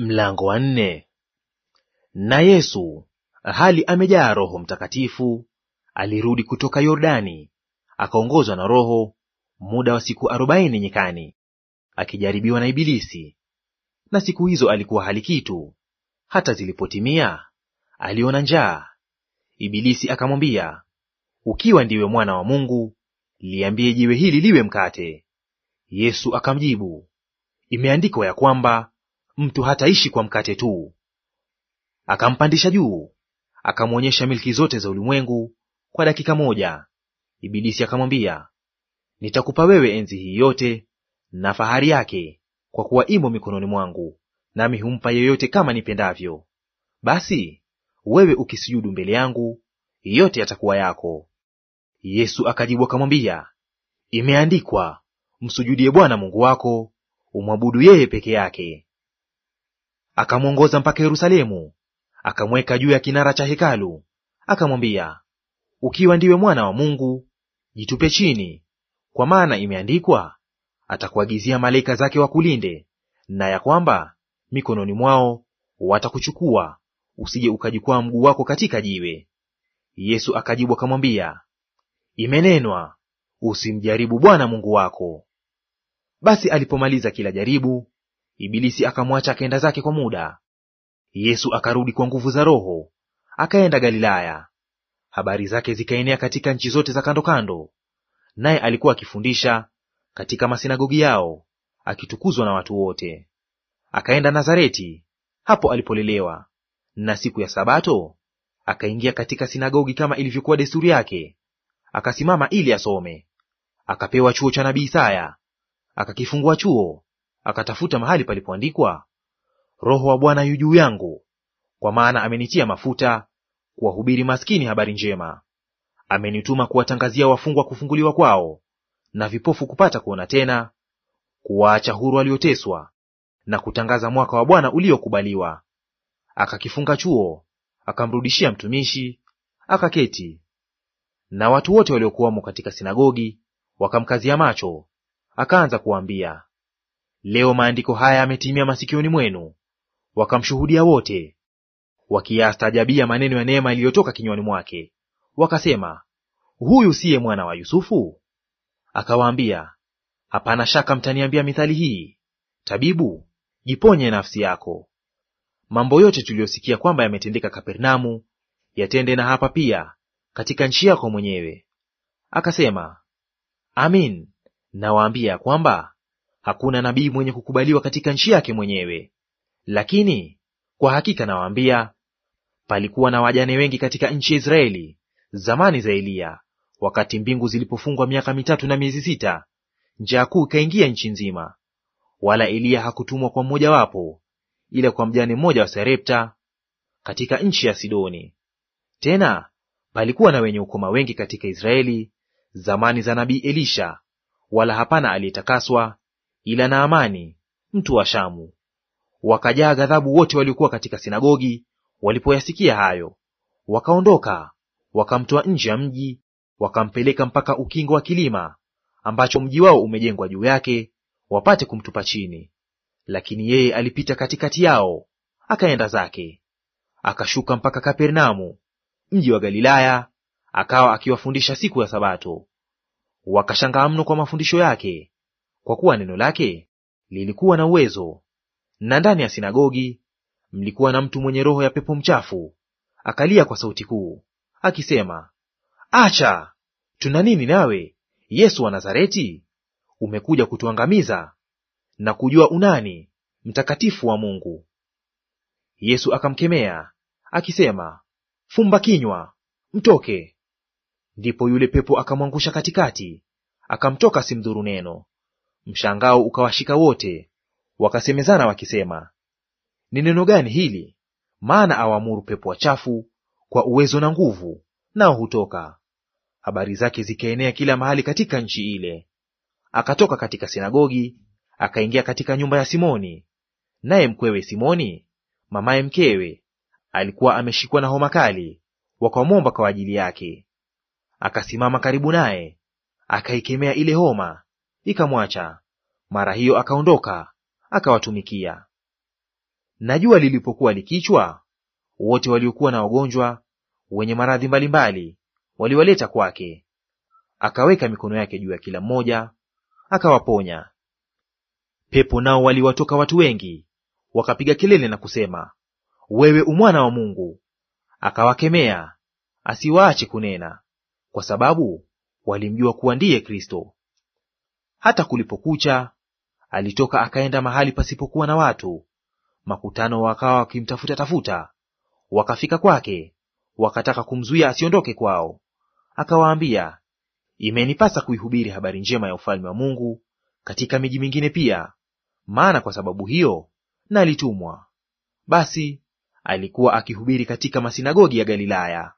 Mlango wa nne. Na Yesu hali amejaa Roho Mtakatifu alirudi kutoka Yordani, akaongozwa na Roho muda wa siku arobaini nyikani, akijaribiwa na Ibilisi. Na siku hizo alikuwa hali kitu, hata zilipotimia aliona njaa. Ibilisi akamwambia, ukiwa ndiwe mwana wa Mungu, liambie jiwe hili liwe mkate. Yesu akamjibu, imeandikwa ya kwamba mtu hataishi kwa mkate tu. Akampandisha juu, akamwonyesha milki zote za ulimwengu kwa dakika moja. Ibilisi akamwambia, nitakupa wewe enzi hii yote na fahari yake, kwa kuwa imo mikononi mwangu, nami humpa yeyote kama nipendavyo. Basi wewe ukisujudu mbele yangu, yote yatakuwa yako. Yesu akajibu akamwambia, imeandikwa, msujudie Bwana Mungu wako, umwabudu yeye peke yake akamwongoza mpaka Yerusalemu, akamweka juu ya kinara cha hekalu, akamwambia, ukiwa ndiwe mwana wa Mungu, jitupe chini, kwa maana imeandikwa, atakuagizia malaika zake wakulinde, na ya kwamba mikononi mwao watakuchukua, usije ukajikwaa mguu wako katika jiwe. Yesu akajibu akamwambia, imenenwa, usimjaribu Bwana Mungu wako. Basi alipomaliza kila jaribu, Ibilisi akamwacha akaenda zake kwa muda. Yesu akarudi kwa nguvu za Roho, akaenda Galilaya. Habari zake zikaenea katika nchi zote za kando kando. Naye alikuwa akifundisha katika masinagogi yao, akitukuzwa na watu wote. Akaenda Nazareti, hapo alipolelewa, na siku ya Sabato akaingia katika sinagogi kama ilivyokuwa desturi yake, akasimama ili asome. Akapewa chuo cha nabii Isaya, akakifungua chuo, akatafuta mahali palipoandikwa, Roho wa Bwana yu juu yangu, kwa maana amenitia mafuta kuwahubiri maskini habari njema. Amenituma kuwatangazia wafungwa kufunguliwa kwao, na vipofu kupata kuona tena, kuwaacha huru walioteswa, na kutangaza mwaka wa Bwana uliokubaliwa. Akakifunga chuo, akamrudishia mtumishi, akaketi. Na watu wote waliokuwamo katika sinagogi wakamkazia macho, akaanza kuwaambia, Leo maandiko haya yametimia masikioni mwenu. Wakamshuhudia wote, wakiyastaajabia maneno ya neema yaliyotoka kinywani mwake. Wakasema, huyu siye mwana wa Yusufu? Akawaambia, hapana shaka mtaniambia mithali hii, tabibu, jiponye nafsi yako. Mambo yote tuliyosikia kwamba yametendeka Kapernaumu, yatende na hapa pia katika nchi yako mwenyewe. Akasema, amin nawaambia ya kwamba hakuna nabii mwenye kukubaliwa katika nchi yake mwenyewe. Lakini kwa hakika nawaambia, palikuwa na wajane wengi katika nchi ya Israeli zamani za Eliya, wakati mbingu zilipofungwa miaka mitatu na miezi sita, njaa kuu ikaingia nchi nzima. Wala Eliya hakutumwa kwa mmojawapo, ila kwa mjane mmoja wa Sarepta katika nchi ya Sidoni. Tena palikuwa na wenye ukoma wengi katika Israeli zamani za nabii Elisha, wala hapana aliyetakaswa ila Naamani mtu wa Shamu. Wakajaa ghadhabu wote waliokuwa katika sinagogi walipoyasikia hayo, wakaondoka wakamtoa nje ya mji, wakampeleka mpaka ukingo wa kilima ambacho mji wao umejengwa juu yake, wapate kumtupa chini. Lakini yeye alipita katikati yao akaenda zake. Akashuka mpaka Kapernaumu, mji wa Galilaya, akawa akiwafundisha siku ya Sabato. Wakashangaa mno kwa mafundisho yake, kwa kuwa neno lake lilikuwa na uwezo. Na ndani ya sinagogi mlikuwa na mtu mwenye roho ya pepo mchafu, akalia kwa sauti kuu akisema, Acha! Tuna nini nawe, Yesu wa Nazareti? Umekuja kutuangamiza? Na kujua unani mtakatifu wa Mungu. Yesu akamkemea akisema, Fumba kinywa, mtoke. Ndipo yule pepo akamwangusha katikati, akamtoka simdhuru neno. Mshangao ukawashika wote, wakasemezana wakisema, ni neno gani hili? Maana awaamuru pepo wachafu kwa uwezo na nguvu, nao hutoka. Habari zake zikaenea kila mahali katika nchi ile. Akatoka katika sinagogi, akaingia katika nyumba ya Simoni. Naye mkwewe Simoni, mamaye mkewe, alikuwa ameshikwa na homa kali, wakamwomba kwa ajili yake. Akasimama karibu naye, akaikemea ile homa, ikamwacha. Mara hiyo akaondoka akawatumikia. Na jua lilipokuwa likichwa, wote waliokuwa na wagonjwa wenye maradhi mbalimbali waliwaleta kwake, akaweka mikono yake juu ya kila mmoja akawaponya. Pepo nao waliwatoka watu wengi, wakapiga kelele na kusema, wewe umwana wa Mungu. Akawakemea asiwaache kunena, kwa sababu walimjua kuwa ndiye Kristo. Hata kulipokucha, alitoka akaenda mahali pasipokuwa na watu, makutano wakawa wakimtafuta tafuta. Wakafika kwake, wakataka kumzuia asiondoke kwao. Akawaambia, imenipasa kuihubiri habari njema ya ufalme wa Mungu katika miji mingine pia, maana kwa sababu hiyo nalitumwa. Basi alikuwa akihubiri katika masinagogi ya Galilaya.